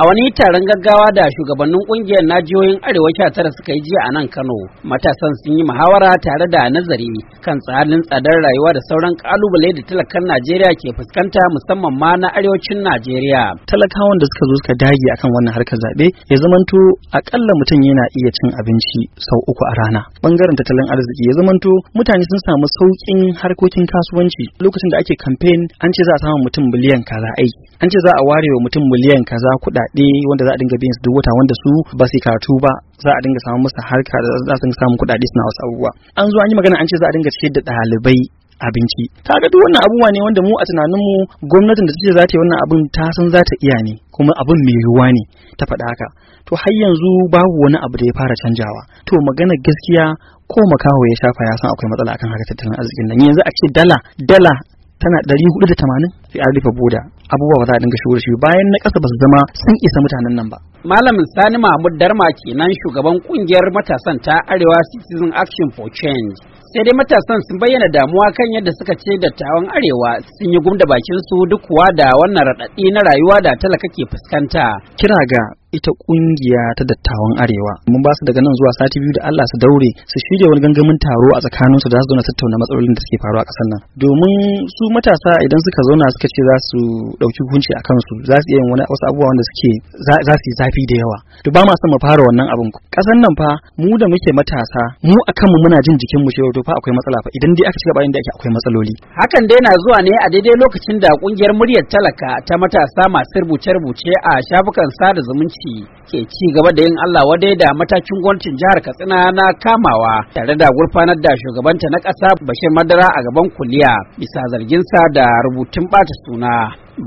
A wani taron gaggawa da shugabannin kungiyar najiyoyin Arewa sha tara suka yi jiya a nan Kano, matasan sun yi muhawara tare da nazari kan tsarin tsadar rayuwa da sauran kalubale da talakan Najeriya ke fuskanta musamman ma na arewacin Najeriya. Talakawan da suka zo suka dage akan wannan harkar zaɓe ya zamanto akalla mutum yana iya cin abinci sau uku a rana. Bangaren tattalin arziki ya zamanto mutane sun samu sauƙin harkokin kasuwanci lokacin da ake kamfen an ce za a samu mutum miliyan kaza aiki, an ce za a ware wa mutum miliyan kaza kuɗa kuɗaɗe wanda za a dinga biyan su duk wata wanda su ba su karatu ba za a dinga samun musu harka da za su dinga samun kuɗaɗe suna wasu abubuwa an zo an yi magana an ce za a dinga ciyar da ɗalibai abinci kaga duk wannan abubuwa ne wanda mu a tunanin mu gwamnatin da take za ta yi wannan abin ta san zata iya ne kuma abin mai yiwuwa ne ta faɗa haka to har yanzu babu wani abu da ya fara canjawa to magana gaskiya ko makaho ya shafa ya san akwai matsala akan haka tattalin arzikin nan yanzu a ce dala dala tana ɗari da tamanin sai an rufe boda abubuwa ba za a dinga shigo da shi bayan na ƙasa ba su zama sun isa mutanen nan ba malamin sani mahmud darma kenan shugaban kungiyar matasan ta arewa citizen action for change sai dai matasan sun bayyana damuwa kan yadda suka ce dattawan arewa sun yi gumda bakin su duk kuwa da wannan raɗaɗi na rayuwa da talaka ke fuskanta kira ga ita kungiya ta dattawan arewa mun ba su daga nan zuwa sati biyu da Allah su daure su shirya wani gangamin taro a tsakaninsu da za su zauna tattauna matsalolin da suke faruwa a ƙasar nan domin su matasa idan suka zauna suka ce za su ɗauki hukunci a kansu za su iya yin wani wasu abubuwa wanda suke za su yi zafi da yawa to ba ma son mu fara wannan abin ƙasar nan fa mu da muke matasa mu a kanmu muna jin jikin mu cewa to fa akwai matsala fa idan dai aka ci gaba inda ake akwai matsaloli hakan dai na zuwa ne a daidai lokacin da kungiyar muryar talaka ta matasa masu rubuce-rubuce a shafukan sada zumunci gwamnati ke ci gaba da yin Allah wadai da matakin gwamnatin jihar Katsina na kamawa tare da gurfanar da shugabanta na ƙasa Bashir Madara a gaban kuliya bisa zarginsa da rubutun ɓata suna.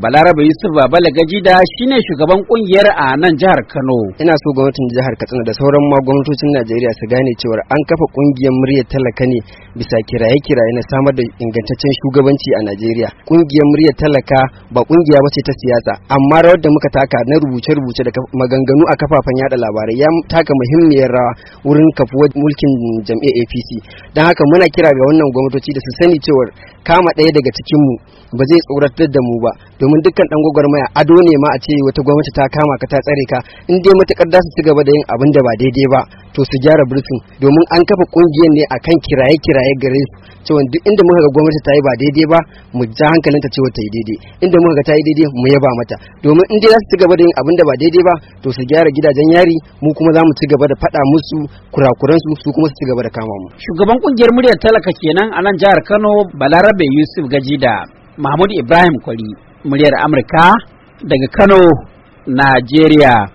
Balarabe Yusuf Babala Gajida shine shugaban kungiyar a nan jihar Kano. Ina so gwamnatin jihar Katsina da sauran ma Najeriya su gane cewa an kafa kungiyar muryar talaka ne bisa kiraye-kiraye na samar da ingantaccen shugabanci a Najeriya. Kungiyar muryar talaka ba kungiya bace ta siyasa, amma rawar da muka taka na rubuce-rubuce da maganganu a kafafen yada labarai ya taka muhimmiyar rawa wurin kafuwar mulkin jam'iyyar APC. Don haka muna kira ga wannan gwamnatoci da su sani cewar kama ɗaya daga cikin mu ba zai tsoratar da mu ba domin dukkan dan gwagwarmaya ado ne ma a ce wata gwamnati ta kama ka ta tsare ka in dai matakar da su ci gaba da yin abin da ba daidai ba to su gyara burtsin domin an kafa kungiyar ne a kan kiraye kiraye gare su cewa duk inda muka ga gwamnati ta yi ba daidai ba mu ja hankalinta cewa ta yi daidai inda muka ga ta yi daidai mu yaba mata domin in dai za su ci gaba da yin abin da ba daidai ba to su gyara gidajen yari mu kuma za mu ci gaba da faɗa musu kurakuran su su kuma su ci gaba da kama mu shugaban kungiyar muryar talaka kenan a nan jihar Kano Balarabe Yusuf Gajida Mahmud Ibrahim Kwari muryar Amurka daga Kano Najeriya